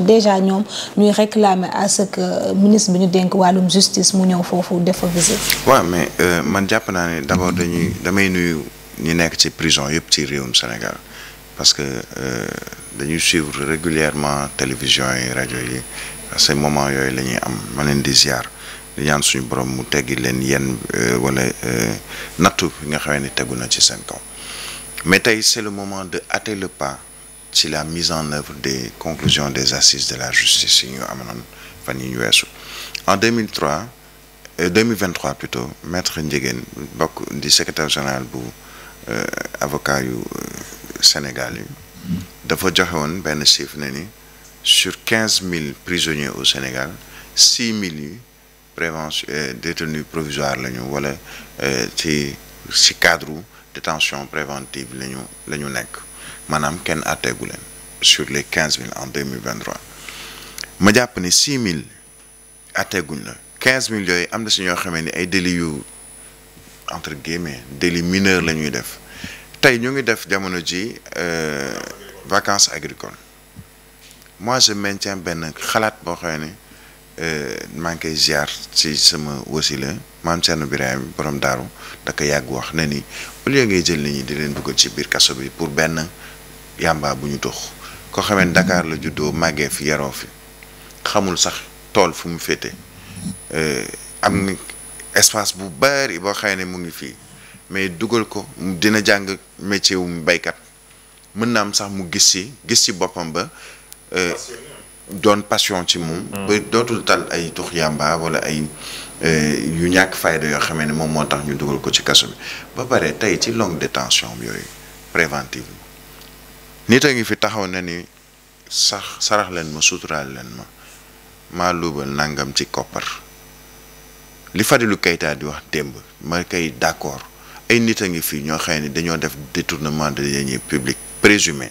déjà ñoom ñuy réclamer à ce que euh, ministre bi ñu dénk wàllum justice mu ñëw foofu def fa visite. waaw mais euh, man jàpp naa ne d'abord dañuy damay nuyu ñu nekk ci prison yëpp ci réewum Sénégal parce que euh, dañuy suivre régulièrement télévision yi rajo yi parce que moment yooyu la ñuy am ma leen di ziar di suñu borom mu teggi leen yenn wala nattu yi nga xamee ni tegu na ci seen kaw mais tey c'est le moment de hâter le pas. ci la mise en œuvre des conclusions des assises de la justice yi ñu amanoon fan yi ñu weesu en 2003 2023 euh, plutôt maître Ndiéguène bokk di secrétaire général bu euh, avocat yu euh, Sénégal dafa joxe benn chiffre ne ni sur quinze mille prisonniers au Sénégal six mille yi prévention détenus provisoires la ñu wala ci ci cadre détention préventive la ñu la ñu nekk maanaam kenn àtteegu leen sur les quinze mille en mille vingt trois ma jàpp ni six mille àtteeguñ la quinze mille yooyu am na si ñoo xamee ni ay délits yu entre guillemets délit mineur la ñuy def tey ñu ngi def jamono ji euh, vacances agricoles mois je maintiens benn xalaat boo xamee ne euh, maa ngi koy ziar ci sama wasila maam Cerno Birahim borom daaru da yàgg wax ne ni au lieu ngay jël nit ñi di leen dugal ci biir kaso bi pour benn yàmbaa bu ñu tux koo xamee ne mhm. Dakar la juddoo màggee fi yaroo fi xamul sax tool fu mu féete euh, am na mhm. espace bu bari boo xamee ne mu ngi fii mais dugal ko dina jàng métier wu béykat mën na am sax mu gis si gis si boppam ba. Euh, doon passion ci moom. Mm. ba dootul tal ay tux yàmba wala ay eh, yu ñàkk fayda yoo xamee ne moom moo tax ñu dugal ko ci kaso bi ba pare tey ci longue détention yooyu préventive nit a ngi fi taxaw na ni sax sarax leen ma suturaal leen ma maa luubal nangam ci koppar li Fadilou Keita di wax démb ma koy d'accord ay nit a ngi fi ñoo xëy ne dañoo def détournement de deniers publics présumé.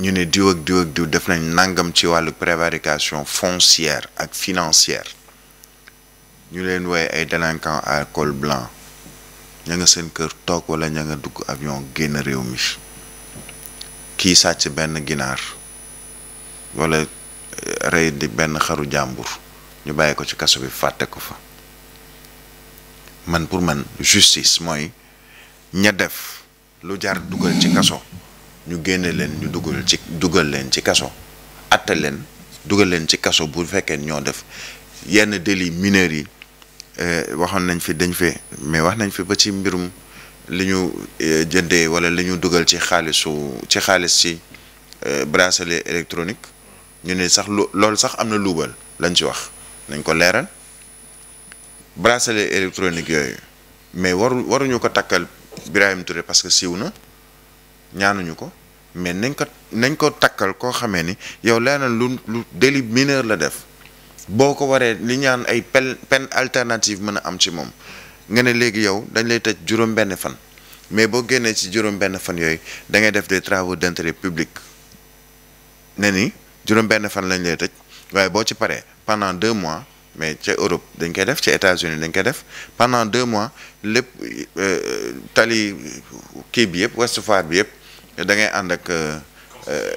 ñu ne diw ak diw ak diw def nañ nangam ci wàllu prévarication foncière ak financière ñu leen wooye ay délinquants à col blanc ña nga seen kër toog wala ña nga dugg avion génn réew mi kii sàcc benn ginaar wala eh, rey di benn xaru jàmbur ñu bàyyi ko ci kaso bi fàtte ko fa man pour man justice mooy ña def lu jar dugal ci kaso ñu génne leen ñu dugal ci dugal leen ci kaso atte leen dugal leen ci kaso bu fekkee ñoo def yenn déli mineurs yi eh, waxoon nañ fi dañ fi mais wax nañ fi ba ci mbirum li ñu eh, jëndee wala li ñu dugal ci xaalisu ci xaalis ci eh, bracelet électronique ñu ne sax lu loolu sax am na luubal lañ ci wax nañ ko leeral bracelet électronique yooyu mais waru waruñu ko takkal Birahim Touré parce que siiw na ñaanuñu ko mais nañ ko nañ ko takkal koo xamee ni yow leneen lu lu délit mineur la def boo ko waree li ñaan ay pen peine alternative mën a am ci moom nga ne léegi yow dañ lay tëj juróom-benn fan mais boo génnee ci juróom-benn fan yooyu da ngay def des travaux d'intérêt public ne ni juróom-benn fan lañ lay tëj waaye boo ci paree pendant deux mois mais ca Europe dañ koy def ca États-Unis dañ koy def pendant deux mois lépp euh, tali kii bi yëpp Ouest Foire bi yëpp. da ngay ànd ak euh,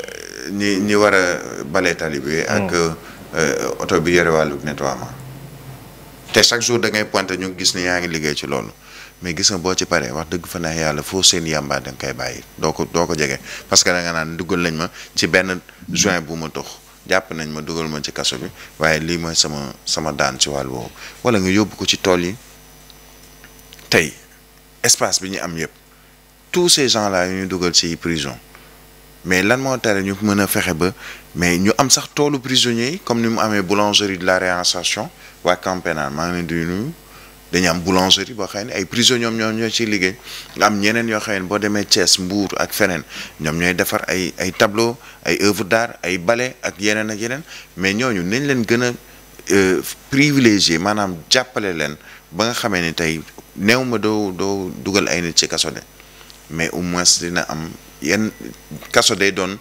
ñi ñi war a bale tali bi ak mm. euh, oto bi yore wàllu nettoiement te chaque jour da ngay pointé ñu gis ni yaa ngi liggéey ci loolu mais gis nga boo ci pare wax dëgg fa neex yàlla foo seen yàmbaa da nga koy bàyyi doo ko doo ko jege parce que da nga naan dugal nañ ma ci benn juin bu ma tox jàpp nañ ma dugal ma ci kaso bi waaye lii mooy sama sama daan ci wàll woowu wala nga yóbbu ko ci tool yi tey espace bi ñu am yëpp. tout ces gens là yu ñu dugal ci prison mais lan moo tere ñu mën a fexe ba mais ñu am sax toolu prisonniers yi comme ni mu amee boulangerie de la réinsertion waa camp pénal maa ngi leen di nuyu dañu boo xam ne ay prisonniers ñoom ñoo ciy liggéey nga am ñeneen yoo xam ne boo demee Thiès Mbour ak feneen ñoom ñooy defar ay ay tableau ay œuvre d'art ay ballet ak yeneen ak yeneen mais ñooñu nañ leen gën a euh, privilégié maanaam jàppale leen ba nga xamee ni tey néew ma doo doo dugal ay nit ci kaso mais au moins dina am yenn kaso day doon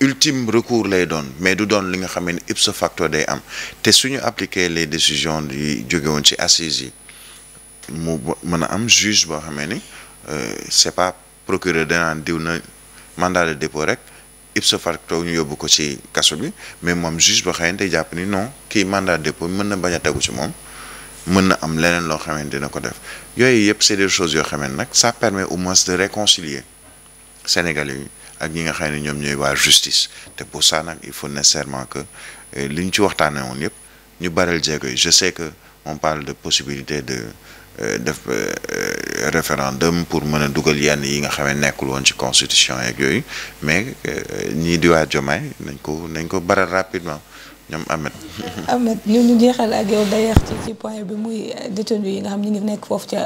ultime recours lay doon mais du doon li nga xam ne ipso facto day am te suñu appliquer les décisions yi jóge woon ci assises yi mu mën a am juge boo xamee ni euh, c'est pas procureur danaan diw na mandat de dépôt rek ipso facto ñu yóbbu ko ci kaso bi mais moom juge boo xam ne day jàpp ni non kii mandat de dépôt mën na bañ a tegu ci moom mën na am leneen loo xamante dina ko def yooyu yëpp c'est des choses yoo xamante nag sa permet au moins de réconcilier Sénégalais yi ak ñi nga xam ne ñoom ñooy waa justice te pour ça nag il faut nécessairement que euh, li ñu ci waxtaanee woon yëpp ñu baral jéego yi je sais que on parle de possibilité de euh, def euh, référendum pour mën a dugal yenn yi nga xam nekkul woon ci constitution yeeg yooyu mais ñii di waa Diomaye nañ ko nañ ko baral rapidement. ñoom Ahmed. Ahmed ñu ñu jeexal ak yow d'ailleurs ci ci point bi muy détenu yi nga xam ñu ngi nekk foofu ca.